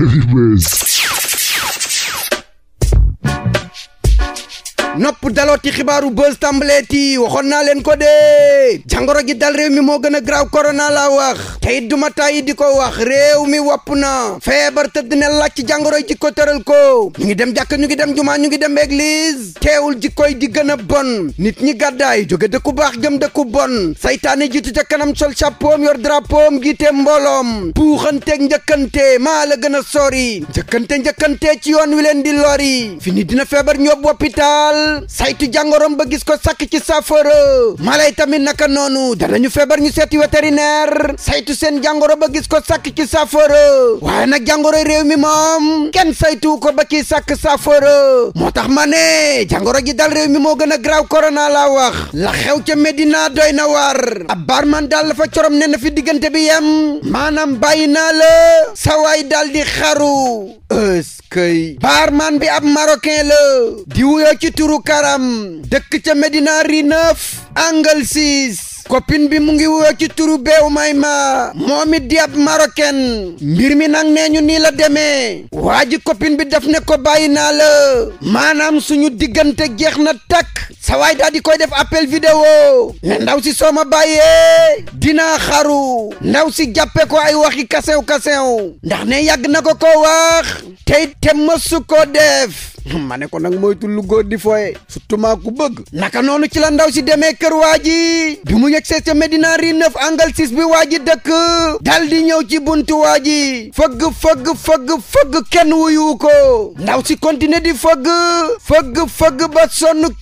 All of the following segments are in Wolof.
Anyways. nopp dalooti xibaaru buzz tàmbaleeti waxoon naa leen ko dee jàngoro gi dal réew mi moo gën a graaw korona la wax te it duma tàyyi di ko wax réew mi wopp na feebar tëdd ne làcc jàngoro ji ko tëral ko ñu ngi dem jàkk ñu ngi dem jumaa ñu ngi dem église teewul ji koy di gën a bon nit ñi gàddaay jóge dëkku baax jëm dëkku bon saytaane jiitu ca kanam sol chapeau yor gi te mbooloom puuxanteeg njëkkante maa la gën a sori njëkkante njëkkante ci yoon wi dina feebar ñob hôpital saytu jàngoroom ba gis ko sàkk ci saafara mala yi tamit naka noonu ñu feebar ñu seeti vétérinaire saytu seen jàngoro ba gis ko sàkk ci saafara waaye nag jàngoro réew mi moom kenn saytuwu ko ba ci sàkk saafara moo tax ma ne jàngoro ji dal réew mi moo gën a graw corona laa wax la xew ca Medina doy na war ab man dal fa corom ne na fi diggante bi yem maanaam bàyyi na la sawaay dal di xaru këy baarman bi ab marocain la di wuyoo ci turu karam dëkk ca Médina Rue 9 angle 6 copine bi mu ngi wuyoo ci turu beew may ma moom it di ab marocain mbir mi nag nee ñu nii la demee waa ji bi daf ne ko bàyyi naa la maanaam suñu diggante jeex na takk sa waay koy def appel vidéo ne ndaw si sooma ma bàyyee dinaa xaru ndaw si jàppe ko ay waxi kasew kasew ndax ne yàgg na ko ko wax tey te mësu ko def ma ne ko nag moytu lu góor di fooye surtout maa ku bëgg naka noonu ci la ndaw si demee kër waa ji bi mu yegsee ca Médina Rue Neuf angle six bi waa ji dëkk dal ñëw ci buntu waa ji fëgg fëgg fëgg fëgg kenn wuyu ko ndaw si continuer di fëgg fëgg fëgg ba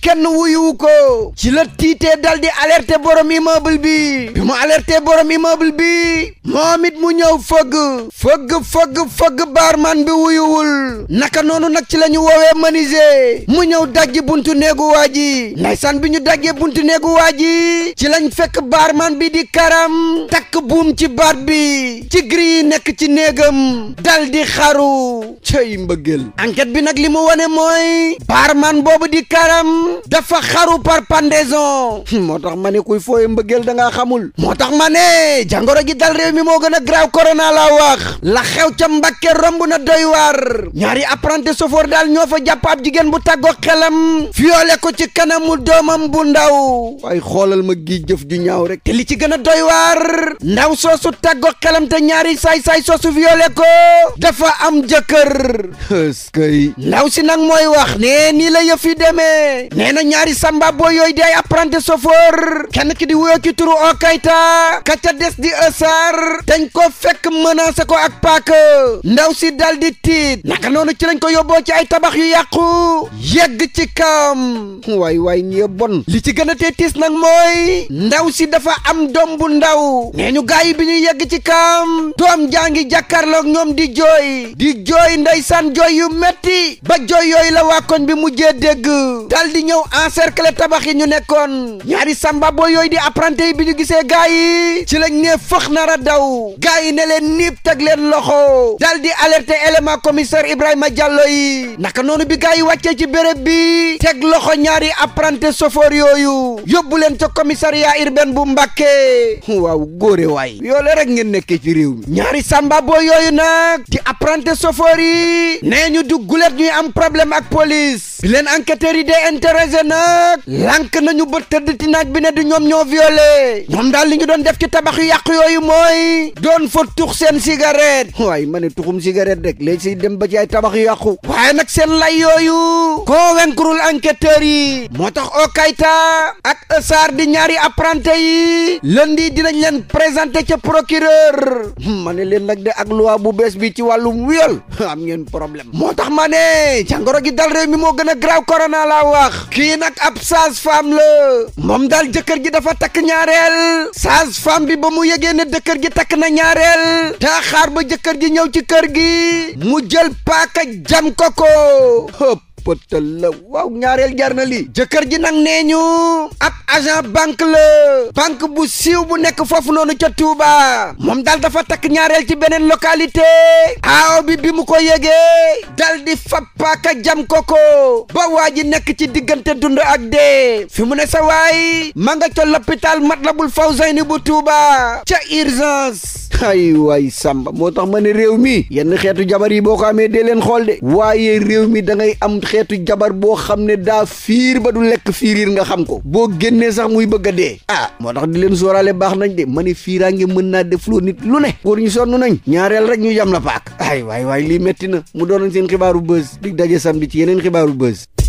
kenn wuyu ko ci la tiitee dal di alerter borom immeuble bi bi mu alerter borom immeuble bi moom mu ñëw fëgg fëgg fëgg fëgg baarman bi wuyuwul naka noonu nag ci la ñu woowee menuisier mu ñëw dajji buntu néegu waa ji ndeysaan bi ñu dajjee buntu néegu waa ji ci lañ fekk man bi di karam takk buum ci baat bi ci gri nekk ci néegam dal di xaru cey mbëggeel enquête bi nag li mu wane mooy man boobu di karam dafa xaru par pendaison hm, moo tax ma ne kuy fooye mbëggeel da ngaa xamul moo tax ma ne jàngoro ji dal réew mi moo gën a graaw corona laa wax la xew ca Mbàkke romb na doy waar ñaari apprenti sofoor daal ñoo fa jàpp ab jigéen bu tàggoo xelam violé ko ci kanamu doomam bu ndaw ay xoolal ma gi jëf ju ñaaw rek te li ci gën a doy waar ndaw soosu tàggoo xelam te ñaari saay-saay soosu violé ko dafa am jëkkër ëskay ndaw si nag mooy wax nee nii la yëf yi demee nee na ñaari samba boo yooyu di ay aprante chauffeur kenn ki di wuyoo ci turu okayta ka ca des di ësaar dañ ko fekk mën menacé ko ak paaka ndaw si dal di tiit naka noonu ci lañ ko yóbboo ci ay tabax yu yàqu yegg ci kaam waay waay ñee bon li ci gën a tee tiis nag mooy ndaw si dafa am doom bu ndaw nee ñu gaay bi ñuy yegg ci kaam doom jaa ngi jàkkaarloog ñoom di jooy di jooy san jooy yu metti ba jooy yooyu la waa koñ bi mujjee dégg dal di ñëw encercler tabax yi ñu nekkoon ñaari samba boo yooyu di apprenti bi ñu gisee gaay yi ci lañ ne fëx nar a daw gaay yi ne leen niib teg leen loxo dal di alerter élément commissaire Ibrahima Diallo yi bi gaa yi wàccee ci béréb bi teg loxo ñaari apprenti sofoor yooyu yóbbu leen ca commissariat urbain bu Mbàkke waaw góore waay yoole rek ngeen nekkee ci réew mi ñaari samba boo yooyu nag di apprenti sofoor yi nee ñu du gulet ñuy am problème ak police bi leen enquêteurs yi dee interrogé nag lànk nañu bët tëdd ci naaj bi ne di ñoom ñoo violé ñoom daal li ñu doon def ci tabax yu yàq yooyu mooy doon fa tux seen cigarette waaye ma ne tuxum cigarette rek léegi siy dem ba ci ay tabax yu yàqu waaye nag seen lay yooyu convaincrul enquêteurs yi moo tax Okayta ak Sarr di ñaari apprenti yi lundi dinañ leen présenté ca procureur ma ne leen nag de ak lu bu bees bi ci wàllum viol am ngeen problème moo tax ma ne jàngoro dal réew gën a graw korona laa wax kii nag ab sage-femme la moom daal jëkkër ji dafa takk ñaareel sage-femme bi ba mu yëgee ne ji takk na ñaareel daa ba jëkkër ji ñëw ci kër gi mu jël paaka jam ko ko pëttal la waaw ñaareel jar jëkkër ji nag nee ñu ab agent banque la banque bu siiw bu nekk foofu noonu ca Touba moom daal dafa takk ñaareel ci beneen localité aaw bi bi mu ko yëgee dal di fab paaka jam koko ba waa ji nekk ci diggante dund ak dee fi mu ne sa waay ma nga ca l'hôpital Matlaboul Fawzayni bu Touba ca urgence ay waay samba moo tax ma ne réew mi yenn xeetu jabar yi boo ko amee dee leen xool de waaye réew mi da ngay am xeetu jabar boo xam ne daa fiir ba du lekk fiiriir nga xam ko boo génnee sax muy bëgg a dee ah moo tax di leen sóoraale baax nañ de ma ne fiiraange mën naa def loo nit lu ne góor ñu sonn nañ ñaareel rek ñu jam la paak ay waay waay lii metti na mu doon doonoon seen xibaaru buzz dig daje samedi ci yeneen xibaaru buzz